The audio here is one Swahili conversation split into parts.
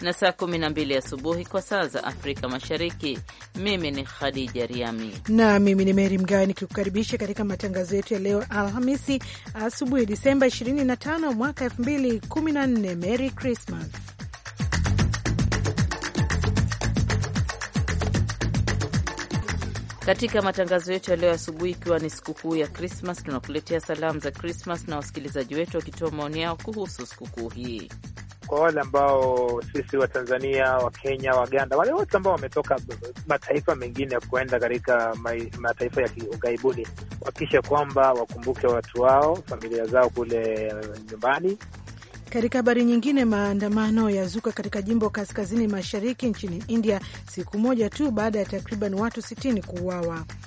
na saa 12 asubuhi kwa saa za Afrika Mashariki. Mimi ni Khadija Riami na mimi ni Meri Mgawe nikikukaribisha katika matangazo yetu ya leo Alhamisi asubuhi Disemba 25 mwaka 2014. Merry Christmas. Katika matangazo yetu ya leo asubuhi, ikiwa ni sikukuu ya Krismas, tunakuletea salamu za Krismas na wasikilizaji wetu wakitoa maoni yao kuhusu sikukuu hii kwa wale ambao sisi Watanzania, Wakenya, Waganda, wale wote ambao wametoka mataifa mengine kuenda katika mataifa ya ughaibuni, wakisha kwamba wakumbuke watu wao, familia zao kule nyumbani. Katika habari nyingine, maandamano yazuka katika jimbo kaskazini mashariki nchini India siku moja tu baada ya takriban watu 6 kuuawa.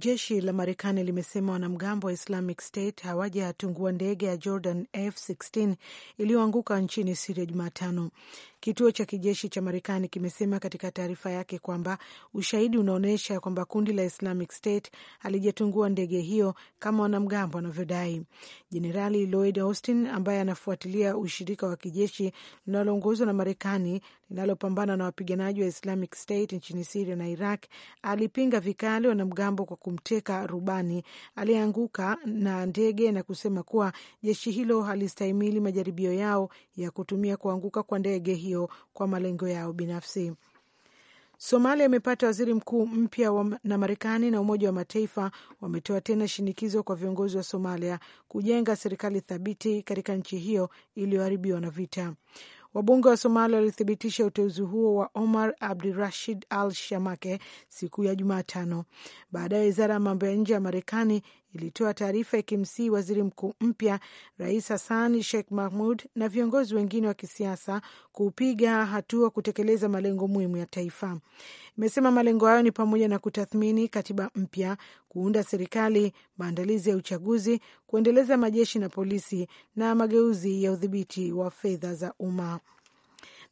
Jeshi la Marekani limesema wanamgambo wa Islamic State hawajatungua ndege ya Jordan F16 iliyoanguka nchini Siria Jumatano. Kituo cha kijeshi cha Marekani kimesema katika taarifa yake kwamba ushahidi unaonyesha kwamba kundi la Islamic State alijatungua ndege hiyo kama wanamgambo wanavyodai. Jenerali Lloyd Austin ambaye anafuatilia ushirika wa kijeshi linaloongozwa na Marekani linalopambana na wapiganaji wa Islamic State nchini Siria na Iraq alipinga vikali wanamgambo kwa kumteka rubani aliyeanguka na ndege na kusema kuwa jeshi hilo halistahimili majaribio yao ya kutumia kuanguka kwa ndege hiyo kwa malengo yao binafsi. Somalia imepata waziri mkuu mpya na Marekani na Umoja wa Mataifa wametoa tena shinikizo kwa viongozi wa Somalia kujenga serikali thabiti katika nchi hiyo iliyoharibiwa na vita. Wabunge wa Somalia walithibitisha uteuzi huo wa Omar Abdirashid Al Shamake siku ya Jumatano. Baadaye wizara ya mambo ya nje ya Marekani ilitoa taarifa ikimsii waziri mkuu mpya Rais Hassan Sheikh Mahmud na viongozi wengine wa kisiasa kupiga hatua kutekeleza malengo muhimu ya taifa. Imesema malengo hayo ni pamoja na kutathmini katiba mpya, kuunda serikali, maandalizi ya uchaguzi, kuendeleza majeshi na polisi na mageuzi ya udhibiti wa fedha za umma.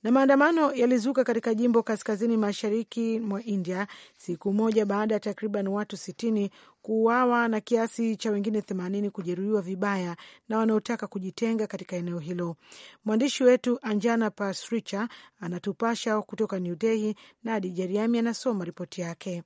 Na maandamano yalizuka katika jimbo kaskazini mashariki mwa India siku moja baada ya takriban watu sitini kuuawa na kiasi cha wengine themanini kujeruhiwa vibaya na wanaotaka kujitenga katika eneo hilo. Mwandishi wetu Anjana Pasricha anatupasha kutoka New Delhi na Adi Jeriami anasoma ripoti yake.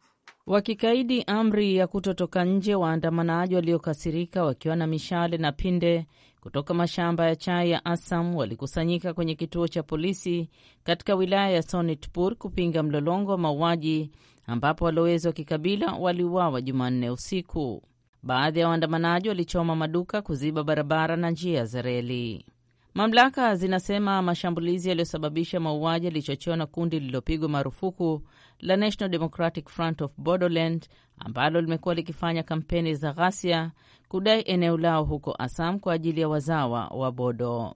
Wakikaidi amri ya kutotoka nje, waandamanaji waliokasirika wakiwa na mishale na pinde kutoka mashamba ya chai ya Assam walikusanyika kwenye kituo cha polisi katika wilaya ya Sonitpur kupinga mlolongo wa mauaji ambapo walowezi wa kikabila waliuawa Jumanne usiku. Baadhi ya waandamanaji walichoma maduka, kuziba barabara na njia za reli. Mamlaka zinasema mashambulizi yaliyosababisha mauaji yalichochewa na kundi lililopigwa marufuku la National Democratic Front of Bodoland ambalo limekuwa likifanya kampeni za ghasia kudai eneo lao huko Assam kwa ajili ya wazawa wa Bodo.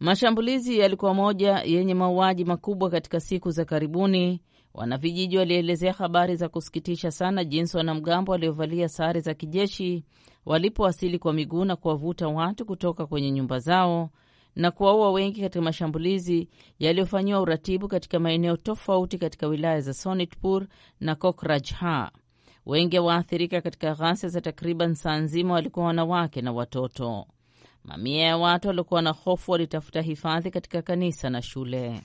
Mashambulizi yalikuwa moja yenye mauaji makubwa katika siku za karibuni. Wanavijiji walielezea habari za kusikitisha sana jinsi wanamgambo waliovalia sare za kijeshi walipowasili kwa miguu na kuwavuta watu kutoka kwenye nyumba zao na kuwaua wengi katika mashambulizi yaliyofanyiwa uratibu katika maeneo tofauti katika wilaya za Sonitpur na Kokrajhar. Wengi waathirika katika ghasia za takriban saa nzima walikuwa wanawake na watoto. Mamia ya watu waliokuwa na hofu walitafuta hifadhi katika kanisa na shule.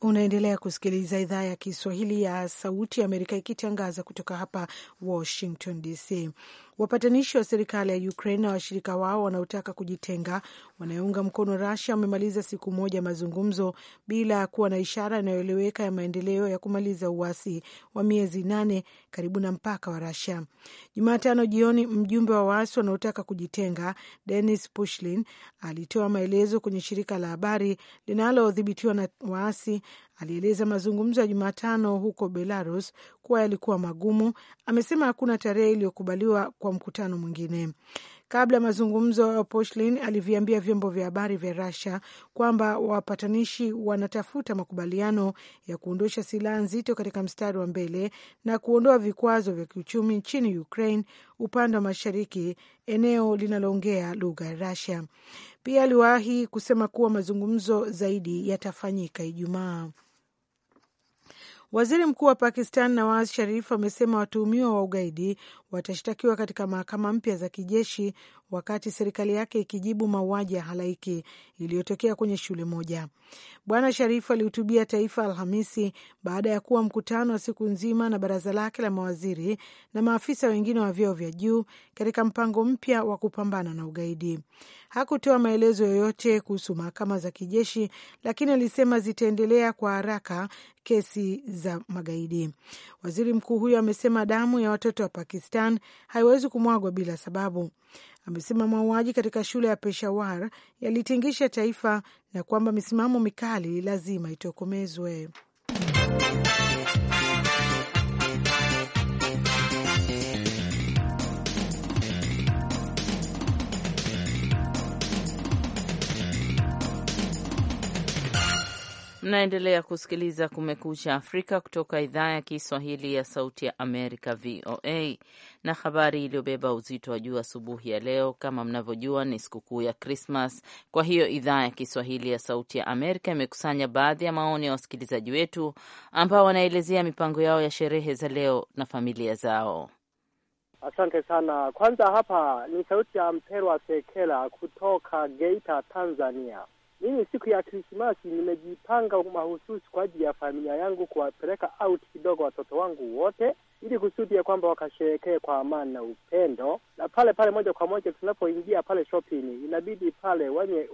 Unaendelea kusikiliza idhaa ya Kiswahili ya Sauti ya Amerika ikitangaza kutoka hapa Washington DC. Wapatanishi wa serikali ya Ukraine na washirika wao wanaotaka kujitenga wanayounga mkono Russia wamemaliza siku moja mazungumzo bila ya kuwa na ishara inayoeleweka ya maendeleo ya kumaliza uasi wa miezi nane karibu na mpaka wa Russia. Jumatano jioni, mjumbe wa waasi wanaotaka kujitenga Denis Pushlin alitoa maelezo kwenye shirika la habari linalodhibitiwa na waasi alieleza mazungumzo ya Jumatano huko Belarus kuwa yalikuwa magumu. Amesema hakuna tarehe iliyokubaliwa kwa mkutano mwingine. Kabla ya mazungumzo, Poshlin aliviambia vyombo vya habari vya rasia kwamba wapatanishi wanatafuta makubaliano ya kuondosha silaha nzito katika mstari wa mbele na kuondoa vikwazo vya kiuchumi nchini Ukraine, upande wa mashariki, eneo linaloongea lugha ya rasia Pia aliwahi kusema kuwa mazungumzo zaidi yatafanyika Ijumaa. Waziri Mkuu wa Pakistan Nawaz Sharif amesema watuhumiwa wa ugaidi watashtakiwa katika mahakama mpya za kijeshi wakati serikali yake ikijibu mauaji ya halaiki iliyotokea kwenye shule moja. Bwana sharif alihutubia taifa Alhamisi baada ya kuwa mkutano wa siku nzima na baraza lake la mawaziri na maafisa wengine wa vyeo vya juu katika mpango mpya wa kupambana na ugaidi. Hakutoa maelezo yoyote kuhusu mahakama za kijeshi, lakini alisema zitaendelea kwa haraka kesi za magaidi. Waziri mkuu huyo amesema damu ya watoto wa Pakistan Iran haiwezi kumwagwa bila sababu. Amesema mauaji katika shule ya Peshawar yalitingisha taifa na kwamba misimamo mikali lazima itokomezwe. Mnaendelea kusikiliza Kumekucha Afrika kutoka idhaa ya Kiswahili ya Sauti ya Amerika, VOA. Na habari iliyobeba uzito wa juu asubuhi ya leo, kama mnavyojua, ni sikukuu ya Krismas. Kwa hiyo idhaa ya Kiswahili ya Sauti ya Amerika imekusanya baadhi ya maoni ya wasikilizaji wetu ambao wanaelezea mipango yao ya sherehe za leo na familia zao. Asante sana. Kwanza hapa ni sauti ya Mperwa Sekela kutoka Geita, Tanzania mimi siku ya Krismasi nimejipanga mahususi kwa ajili ya familia yangu kuwapeleka out kidogo watoto wangu wote, ili kusudi ya kwamba wakasherekee kwa amani na upendo. Na pale pale moja kwa moja tunapoingia pale shopping, inabidi pale wenye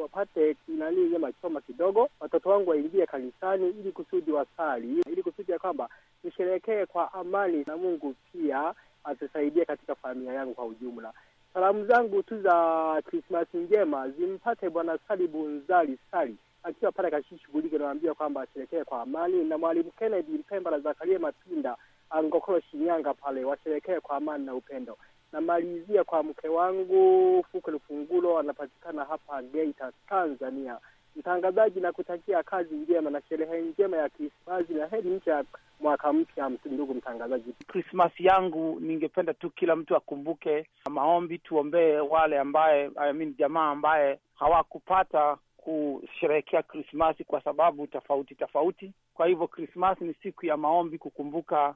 wapate nani nyama choma kidogo, watoto wangu waingie kanisani ili kusudi wasali, ili kusudi ya kwamba tusherekee kwa amani na Mungu pia atusaidie katika familia yangu kwa ujumla. Salamu zangu tu za Krismasi njema zimpate Bwana Salibu Nzali Sali akiwa pale kashishughulike, naambia kwamba asherekee kwa amani, na Mwalimu Kennedy Mpemba na Zakaria Matinda Angokoro Shinyanga pale washerekee kwa amani na upendo. Namalizia kwa mke wangu fuku Lufungulo, anapatikana hapa Geita, Tanzania mtangazaji na kutakia kazi njema na sherehe njema ya Krismasi na heri mcha ya mwaka mpya. Ndugu mtangazaji, Krismasi yangu ningependa tu kila mtu akumbuke maombi, tuombee wale ambaye I mean, jamaa ambaye hawakupata kusherehekea Krismasi kwa sababu tofauti tofauti. Kwa hivyo Krismasi ni siku ya maombi, kukumbuka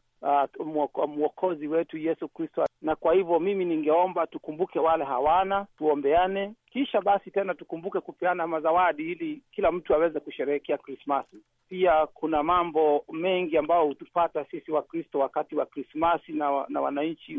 uh, mwokozi wetu Yesu Kristo, na kwa hivyo mimi ningeomba tukumbuke wale hawana, tuombeane, kisha basi tena tukumbuke kupeana mazawadi ili kila mtu aweze kusherehekea Krismasi. Pia kuna mambo mengi ambayo hutupata sisi Wakristo wakati wa Krismasi na, na wananchi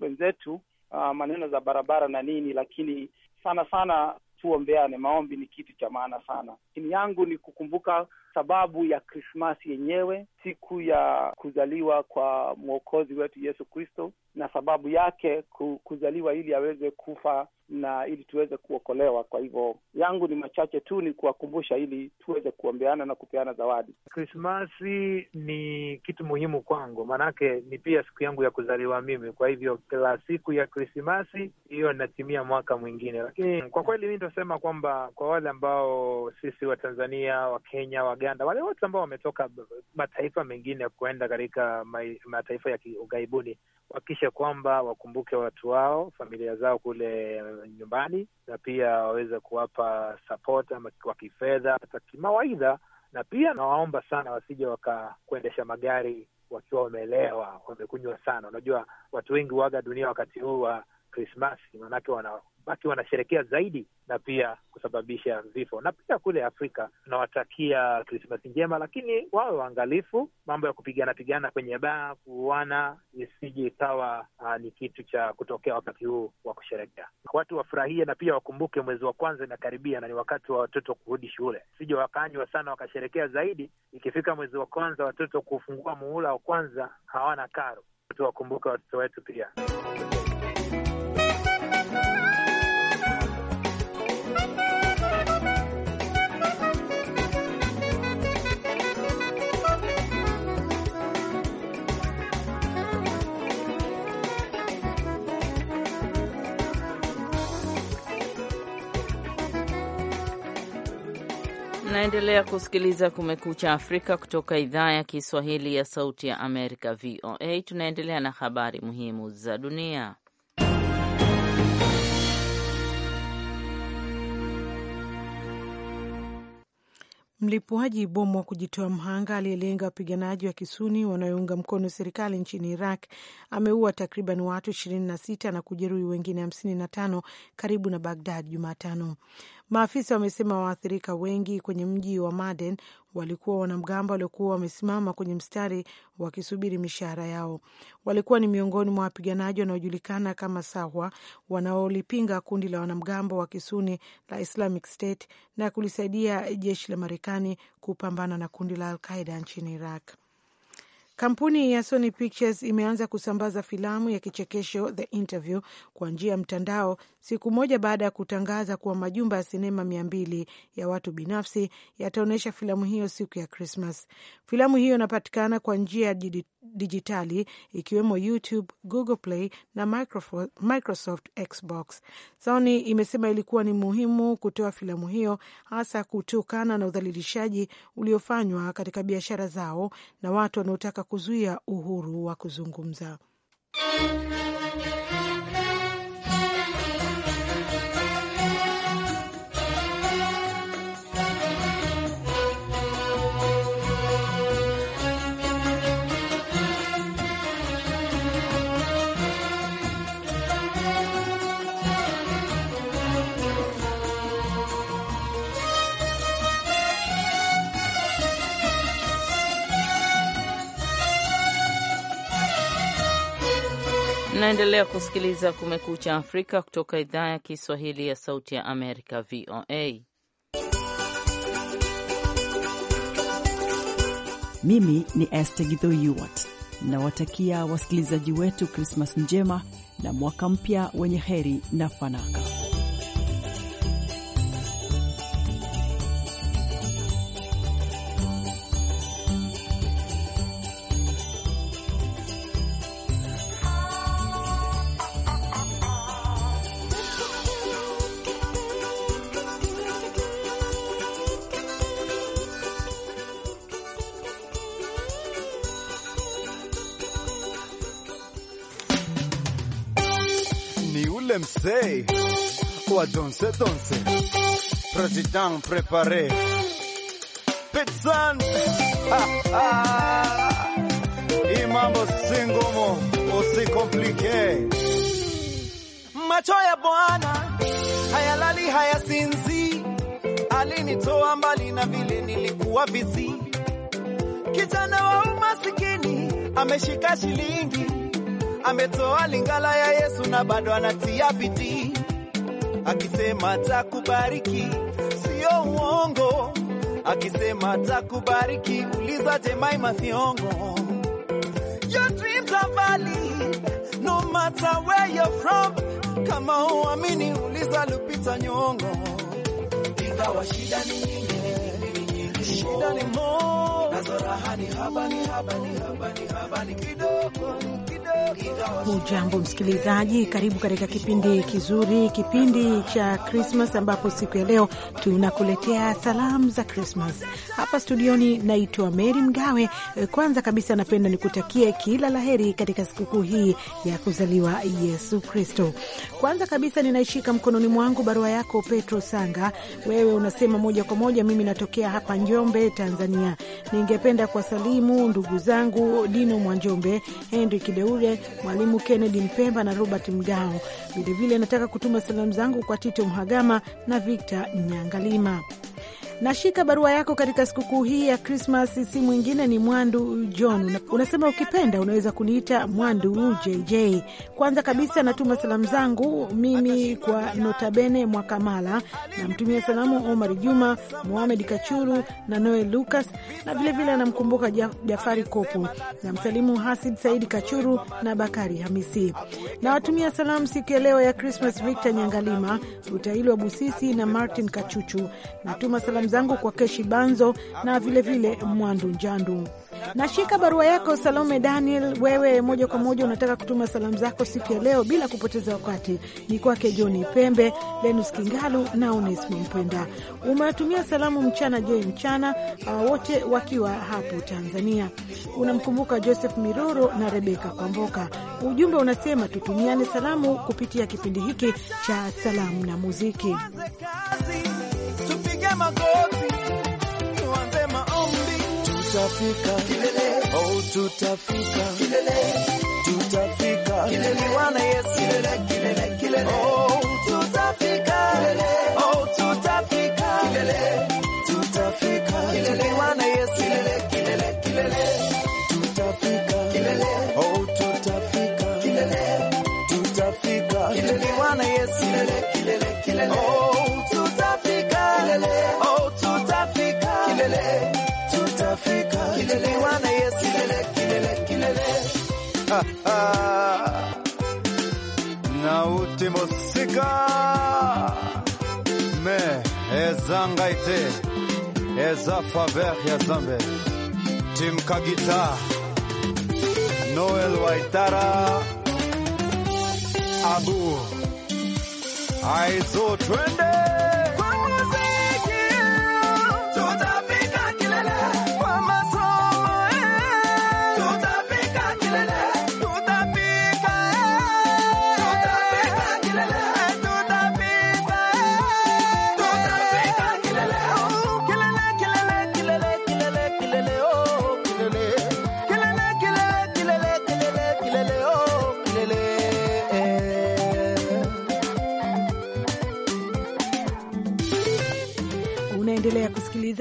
wenzetu, uh, maneno za barabara na nini, lakini sana sana tuombeane. Maombi ni kitu cha maana sana. Ini yangu ni kukumbuka sababu ya Krismasi yenyewe, siku ya kuzaliwa kwa mwokozi wetu Yesu Kristo, na sababu yake kuzaliwa ili aweze kufa na ili tuweze kuokolewa. Kwa hivyo yangu ni machache tu, ni kuwakumbusha ili tuweze kuombeana na kupeana zawadi. Krismasi ni kitu muhimu kwangu, maanake ni pia siku yangu ya kuzaliwa mimi. Kwa hivyo kila siku ya Krismasi hiyo inatimia mwaka mwingine, lakini kwa kweli mi nitasema kwamba kwa wale ambao sisi Watanzania, Wakenya wa propaganda, wale wote ambao wametoka mataifa mengine kuenda katika mataifa ya ughaibuni, wakikisha kwamba wakumbuke watu wao, familia zao kule eh, nyumbani, na pia waweze kuwapa support ama kwa kifedha, hata kimawaidha. Na pia nawaomba sana wasije wakakuendesha magari wakiwa wamelewa, wamekunywa sana. Unajua watu wengi waga dunia wakati huu wa Krismasi, maanake wanabaki wanasherekea zaidi na pia kusababisha vifo. Na pia kule Afrika tunawatakia Krismasi njema, lakini wawe waangalifu. Mambo ya kupigana pigana kwenye baa, kuuana, isije ikawa ah, ni kitu cha kutokea wakati huu wa kusherekea. Watu wafurahie na pia wakumbuke mwezi wa kwanza inakaribia na ni wakati wa watoto kurudi shule, sije wakanywa sana wakasherekea zaidi. Ikifika mwezi wa kwanza, watoto kufungua muhula wa kwanza hawana karo. Tuwakumbuke watoto wetu pia. Naendelea kusikiliza Kumekucha Afrika kutoka idhaa ya Kiswahili ya Sauti ya Amerika, VOA. Tunaendelea na habari muhimu za dunia. Mlipuaji bomu wa kujitoa mhanga aliyelenga wapiganaji wa kisuni wanaounga mkono serikali nchini Iraq ameua takriban watu 26 na kujeruhi wengine 55 karibu na Bagdad Jumatano. Maafisa wamesema waathirika wengi kwenye mji wa Maden walikuwa wanamgambo waliokuwa wamesimama kwenye mstari wakisubiri mishahara yao. Walikuwa ni miongoni mwa wapiganaji wanaojulikana kama Sahwa wanaolipinga kundi la wanamgambo wa kisuni la Islamic State na kulisaidia jeshi la Marekani kupambana na kundi la Alqaida nchini Iraq. Kampuni ya Sony Pictures imeanza kusambaza filamu ya kichekesho The Interview kwa njia ya mtandao siku moja baada ya kutangaza kuwa majumba ya sinema mia mbili ya watu binafsi yataonyesha filamu hiyo siku ya Krismas. Filamu hiyo inapatikana kwa njia ya dijitali ikiwemo YouTube, Google Play na Microsoft Xbox. Sony imesema ilikuwa ni muhimu kutoa filamu hiyo hasa kutokana na udhalilishaji uliofanywa katika biashara zao na watu wanaotaka kuzuia uhuru wa kuzungumza. Mnaendelea kusikiliza Kumekucha Afrika kutoka idhaa ya Kiswahili ya Sauti ya Amerika, VOA. Mimi ni Esther Githoyuwat, nawatakia wasikilizaji wetu Krismas njema na mwaka mpya wenye heri na fanaka. Marseille ou à danser, danser. Président Petsan, hii ah, ah. mambo si usikomplike Macho ya Bwana hayalali hayasinzi, alinitoa mbali na vile nilikuwa vizi. Kijana wa umasikini ameshika shilingi ametoa lingala ya Yesu na bado anatia bidii, akisema takubariki, sio uongo, akisema takubariki. Uliza Jemai Mathiongo. Your dreams are valid, no matter where you're from. Kama uamini. uliza Lupita Nyong'o. Ingawa shida ni nyingi, shida ni mo, nazo raha ni haba ni haba ni haba ni haba ni kidogo Hujambo msikilizaji, karibu katika kipindi kizuri, kipindi cha Krismas ambapo siku ya leo tunakuletea salamu za Krismas hapa studioni. Naitwa Meri Mgawe. Eh, kwanza kabisa, napenda nikutakie kila laheri katika sikukuu hii ya kuzaliwa Yesu Kristo. Kwanza kabisa, ninaishika mkononi mwangu barua yako Petro Sanga. Wewe unasema moja kwa moja, mimi natokea hapa Njombe, Tanzania. Ningependa kuwasalimu ndugu zangu Dino Mwanjombe, Henri Kideure Mabule, Mwalimu Kennedy Mpemba na Robert Mgao. Vilevile nataka kutuma salamu zangu kwa Tito Mhagama na Victor Nyangalima. Nashika barua yako katika sikukuu hii ya Krismas. Si mwingine ni Mwandu John, unasema ukipenda unaweza kuniita Mwandu JJ. Kwanza kabisa natuma salamu zangu mimi kwa Notabene Mwakamala, namtumia salamu Omar Juma, muhamed Kachuru na Noel Lucas, na vilevile anamkumbuka Jafari Kopo na msalimu Hasid Saidi Kachuru na Bakari Hamisi. Nawatumia salamu siku ya leo ya Krismas Victor Nyangalima, Utailwa Busisi na Martin Kachuchu. Natuma salamu mwenzangu kwa Keshi Banzo na vilevile vile Mwandu Njandu. Nashika barua yako Salome Daniel, wewe moja kwa moja unataka kutuma salamu zako siku ya leo bila kupoteza wakati, ni kwake Joni Pembe, Lenus Kingalu na ones Mpenda. Umewatumia salamu mchana joi mchana, ah, wote wakiwa hapo Tanzania. Unamkumbuka Joseph Miroro na Rebeka Kwamboka. Ujumbe unasema tutumiane salamu kupitia kipindi hiki cha salamu na muziki magoti, tuanze maombi, tutafika kilele, oh tutafika kilele, tutafika kilele, Yesu kilele, kilele, kilele, oh tutafika kilele, oh tutafika kilele, tutafika kilele, Yesu na último siga me ezangaite eza faver ya zambe tim kagita noel waitara abu aizo twende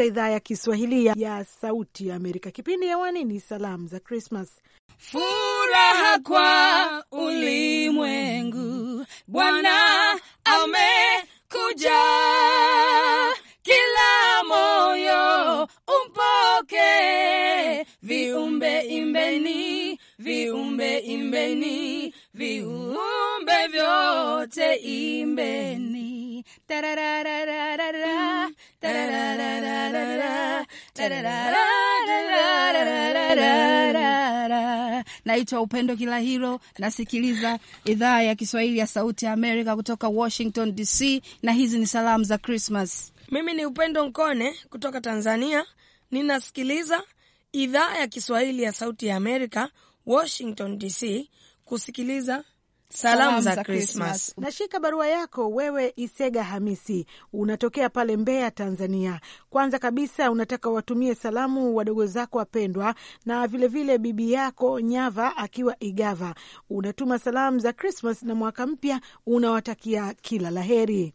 idhaa ya Kiswahili ya Sauti ya Amerika. Kipindi hewani ni salamu za Krismas. Furaha kwa ulimwengu, Bwana amekuja, kila moyo umpoke. Viumbe imbeni, viumbe imbeni, viumbe vyote imbeni Naitwa Upendo kila Hilo, nasikiliza idhaa ya Kiswahili ya Sauti ya Amerika kutoka Washington DC, na hizi ni salamu za Krismas. Mimi ni Upendo Nkone kutoka Tanzania, ninasikiliza idhaa ya Kiswahili ya Sauti ya Amerika, Washington DC, kusikiliza Salamu za Krismas. Nashika barua yako wewe, Isega Hamisi, unatokea pale Mbeya, Tanzania. Kwanza kabisa, unataka watumie salamu wadogo zako wapendwa na vilevile vile bibi yako Nyava akiwa Igava. Unatuma salamu za Krismas na mwaka mpya, unawatakia kila laheri.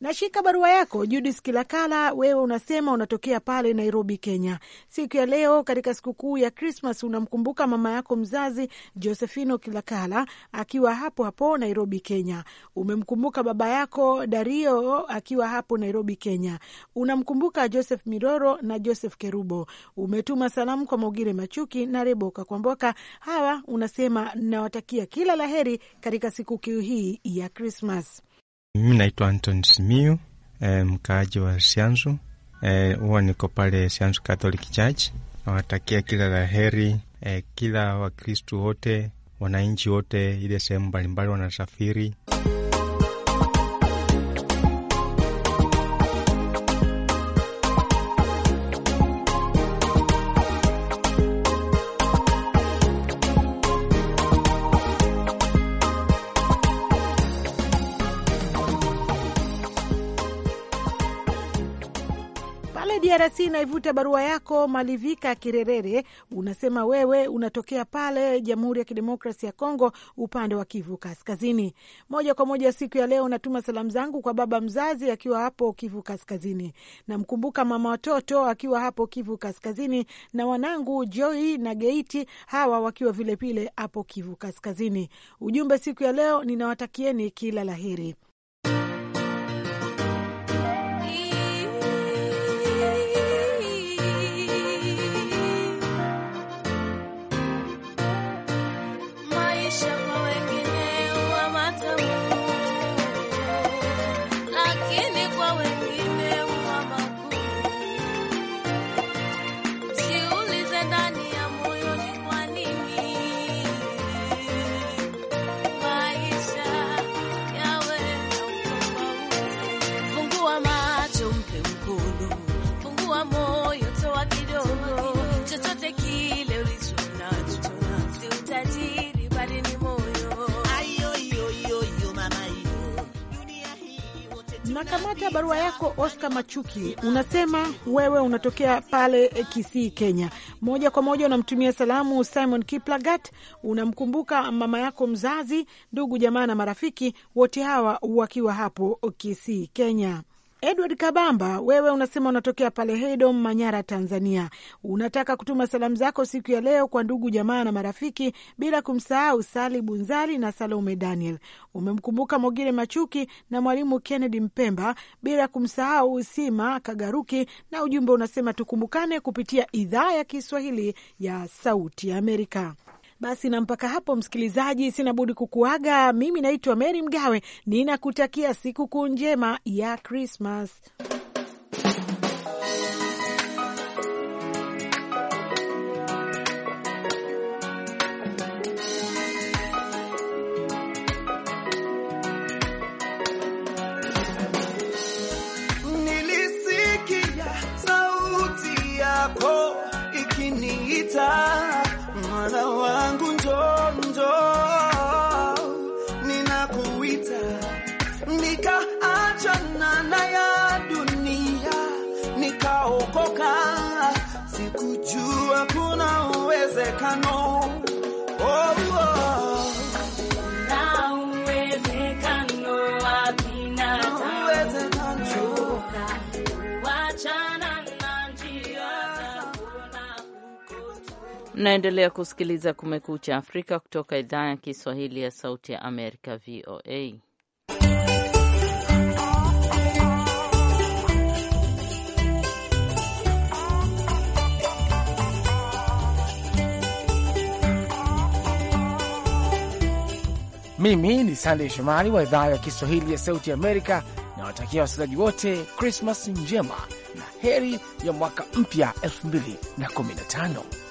Nashika barua yako judis Kilakala, wewe unasema unatokea pale Nairobi, Kenya. Siku ya leo katika sikukuu ya Krismas unamkumbuka mama yako mzazi Josefino Kilakala akiwa hapo hapo Nairobi, Kenya. Umemkumbuka baba yako Dario akiwa hapo Nairobi, Kenya. Unamkumbuka Joseph Miroro na Joseph Kerubo. Umetuma salamu kwa Maugire Machuki na Reboka Kwamboka, hawa unasema nawatakia kila laheri katika sikukuu hii ya Krismas. Mimi naitwa Anton Simiu, e, eh, mkaaji wa Sianzu. Eh, huwa e, niko pale Sianzu Catholic Church. Nawatakia kila la heri e, kila Wakristu wote, wananchi wote, ile sehemu mbalimbali wanasafiri naivuta barua yako Malivika Kirerere, unasema wewe unatokea pale Jamhuri ya Kidemokrasi ya Kongo, upande wa Kivu Kaskazini. Moja kwa moja siku ya leo natuma salamu zangu kwa baba mzazi akiwa hapo Kivu Kaskazini, namkumbuka mama watoto akiwa hapo Kivu Kaskazini na wanangu joi na Geiti, hawa wakiwa vilevile hapo Kivu Kaskazini. Ujumbe siku ya leo ninawatakieni kila laheri. Nakamata barua yako Oscar Machuki, unasema wewe unatokea pale Kisii, Kenya. Moja kwa moja unamtumia salamu Simon Kiplagat, unamkumbuka mama yako mzazi, ndugu jamaa na marafiki wote hawa wakiwa hapo Kisii, Kenya. Edward Kabamba, wewe unasema unatokea pale Hedom, Manyara, Tanzania. Unataka kutuma salamu zako siku ya leo kwa ndugu jamaa na marafiki, bila kumsahau Sali Bunzali na Salome Daniel. Umemkumbuka Mogire Machuki na Mwalimu Kennedy Mpemba, bila kumsahau sima Kagaruki, na ujumbe unasema tukumbukane kupitia idhaa ya Kiswahili ya Sauti ya Amerika. Basi na mpaka hapo, msikilizaji, sina budi kukuaga. Mimi naitwa Meri Mgawe, ninakutakia sikukuu njema ya Krismas. Mnaendelea kusikiliza Kumekucha Afrika kutoka idhaa ya Kiswahili ya Sauti ya Amerika, VOA. Mimi ni Sandey Shomari wa idhaa ya Kiswahili ya Sauti ya Amerika. Nawatakia wasikilizaji wote Krismas njema na heri ya mwaka mpya 2015.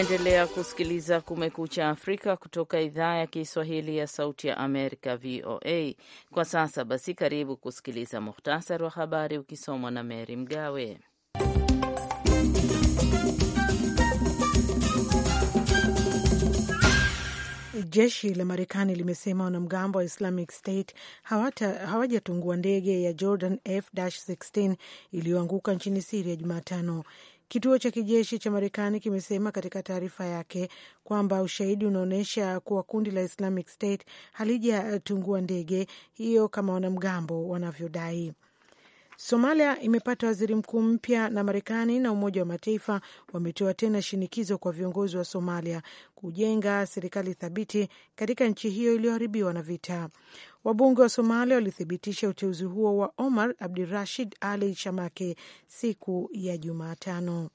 Unaendelea kusikiliza Kumekucha Afrika kutoka idhaa ya Kiswahili ya Sauti ya Amerika, VOA. Kwa sasa basi, karibu kusikiliza muhtasari wa habari ukisomwa na mery Mgawe. Jeshi la Marekani limesema wanamgambo wa Islamic State hawajatungua ndege ya Jordan F16 iliyoanguka nchini Siria Jumatano. Kituo cha kijeshi cha Marekani kimesema katika taarifa yake kwamba ushahidi unaonyesha kuwa kundi la Islamic State halijatungua ndege hiyo kama wanamgambo wanavyodai. Somalia imepata waziri mkuu mpya na Marekani na Umoja wa Mataifa wametoa tena shinikizo kwa viongozi wa Somalia kujenga serikali thabiti katika nchi hiyo iliyoharibiwa na vita. Wabunge wa Somalia walithibitisha uteuzi huo wa Omar Abdirashid Ali Shamake siku ya Jumatano.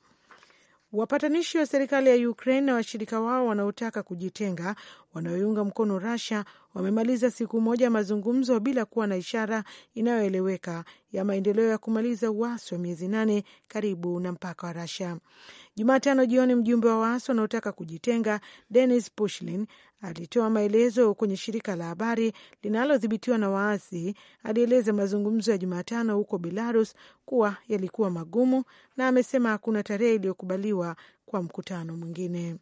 Wapatanishi wa serikali ya Ukraine na washirika wao wanaotaka kujitenga wanaoiunga mkono Russia wamemaliza siku moja mazungumzo bila kuwa na ishara inayoeleweka ya maendeleo ya kumaliza uasi wa miezi nane karibu na mpaka wa Russia. Jumatano jioni, mjumbe wa waasi wanaotaka kujitenga Denis Pushlin alitoa maelezo kwenye shirika la habari linalodhibitiwa na waasi. Alieleza mazungumzo ya Jumatano huko Belarus kuwa yalikuwa magumu, na amesema hakuna tarehe iliyokubaliwa kwa mkutano mwingine.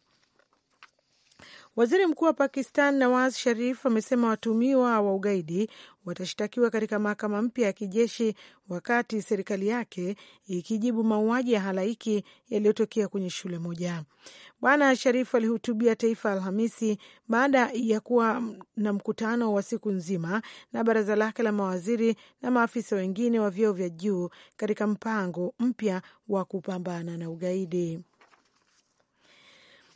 Waziri mkuu wa Pakistan Nawaz Sharif amesema watumiwa wa ugaidi watashtakiwa katika mahakama mpya ya kijeshi wakati serikali yake ikijibu mauaji ya halaiki yaliyotokea kwenye shule moja. Bwana Sharif alihutubia taifa Alhamisi baada ya kuwa na mkutano wa siku nzima na baraza lake la mawaziri na maafisa wengine wa vyeo vya juu katika mpango mpya wa kupambana na ugaidi.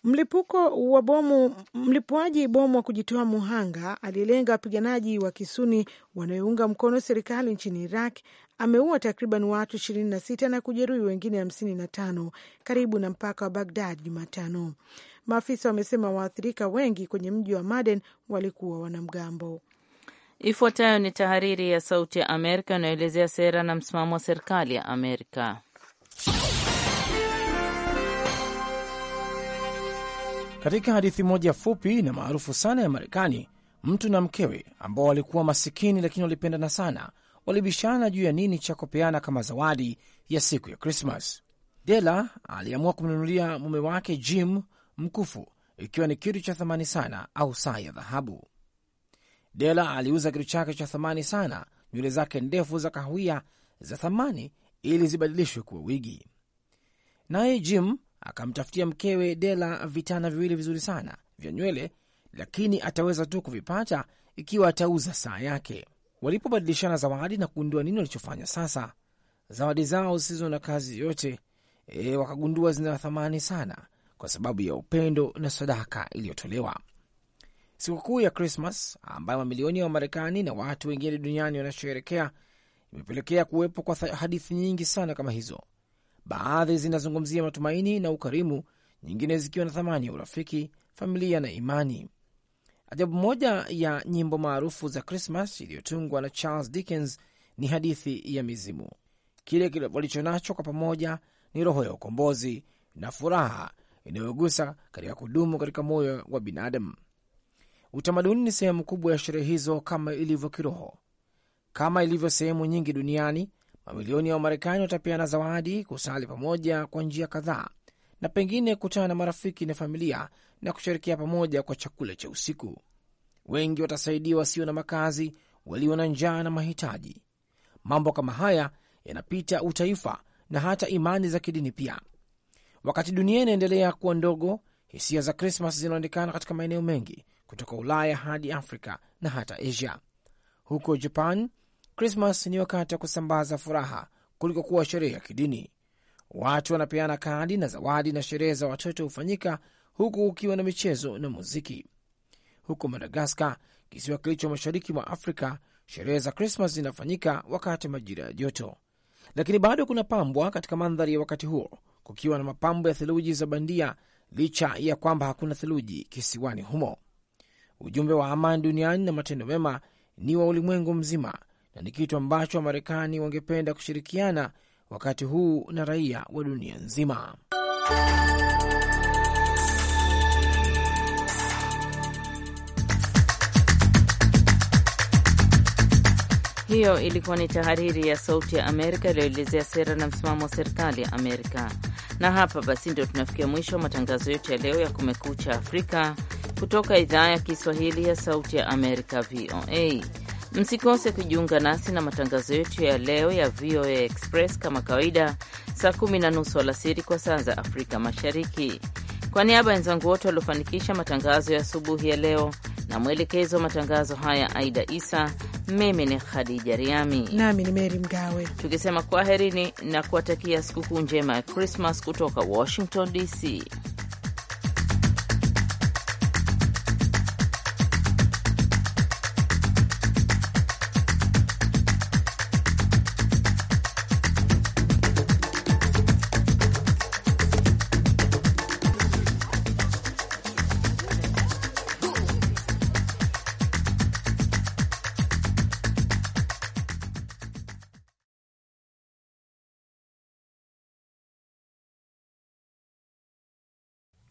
Mlipuko wa bomu, mlipuaji bomu wa kujitoa muhanga aliyelenga wapiganaji wa kisuni wanayounga mkono serikali nchini Iraq ameua takriban watu 26 na kujeruhi wengine 55 karibu na mpaka wa Bagdad Jumatano. Maafisa wamesema waathirika wengi kwenye mji wa Maden walikuwa wanamgambo. Ifuatayo ni tahariri ya Sauti ya Amerika inayoelezea sera na msimamo wa serikali ya Amerika. Katika hadithi moja fupi na maarufu sana ya Marekani, mtu na mkewe ambao walikuwa masikini lakini walipendana sana, walibishana juu ya nini cha kupeana kama zawadi ya siku ya Krismas. Dela aliamua kumnunulia mume wake Jim mkufu, ikiwa ni kitu cha thamani sana au saa ya dhahabu. Dela aliuza kitu chake cha thamani sana, nywele zake ndefu za kahawia za thamani, ili zibadilishwe kuwa wigi. Naye Jim akamtafutia mkewe Dela vitana viwili vizuri sana vya nywele, lakini ataweza tu kuvipata ikiwa atauza saa yake. Walipobadilishana zawadi na kugundua nini walichofanya sasa, zawadi zao zisizo na kazi yoyote e, wakagundua zina thamani sana kwa sababu ya upendo na sadaka iliyotolewa. Sikukuu ya Krismas ambayo mamilioni ya wa Wamarekani na watu wengine duniani wanasherekea imepelekea kuwepo kwa hadithi nyingi sana kama hizo Baadhi zinazungumzia matumaini na ukarimu, nyingine zikiwa na thamani ya urafiki, familia na imani. Ajabu moja ya nyimbo maarufu za Krismas iliyotungwa na Charles Dickens ni hadithi ya mizimu. Kile walicho nacho kwa pamoja ni roho ya ukombozi na furaha inayogusa katika kudumu katika moyo wa binadamu. Utamaduni ni sehemu kubwa ya sherehe hizo, kama ilivyo kiroho. Kama ilivyo sehemu nyingi duniani, Mamilioni ya Wamarekani watapeana zawadi, kusali pamoja kwa njia kadhaa, na pengine kukutana na marafiki na familia na kusherekea pamoja kwa chakula cha usiku. Wengi watasaidia wasio na makazi, walio na njaa na mahitaji. Mambo kama haya yanapita utaifa na hata imani za kidini pia. Wakati dunia inaendelea kuwa ndogo, hisia za Krismas zinaonekana katika maeneo mengi, kutoka Ulaya hadi Afrika na hata Asia. Huko Japan, Krismas ni wakati wa kusambaza furaha kuliko kuwa sherehe ya kidini. Watu wanapeana kadi na zawadi na sherehe za watoto hufanyika huku ukiwa na michezo na muziki. Huko Madagaskar, kisiwa kilicho mashariki mwa Afrika, sherehe za Krismas zinafanyika wakati majira ya joto, lakini bado kuna pambwa katika mandhari ya wakati huo, kukiwa na mapambo ya theluji za bandia, licha ya kwamba hakuna theluji kisiwani humo. Ujumbe wa amani duniani na matendo mema ni wa ulimwengu mzima na ni kitu ambacho Wamarekani wangependa kushirikiana wakati huu na raia wa dunia nzima. Hiyo ilikuwa ni tahariri ya Sauti ya Amerika iliyoelezea sera na msimamo wa serikali ya Amerika. Na hapa basi ndio tunafikia mwisho wa matangazo yetu ya leo ya Kumekucha Afrika kutoka idhaa ya Kiswahili ya Sauti ya Amerika, VOA. Msikose kujiunga nasi na matangazo yetu ya leo ya VOA Express kama kawaida, saa kumi na nusu alasiri kwa saa za Afrika Mashariki. Kwa niaba ya wenzangu wote waliofanikisha matangazo ya asubuhi ya leo na mwelekezo wa matangazo haya Aida Isa, mimi ni Khadija Riami nami ni Meri Mgawe, tukisema kwaherini na kuwatakia sikukuu njema ya Krismas kutoka Washington DC.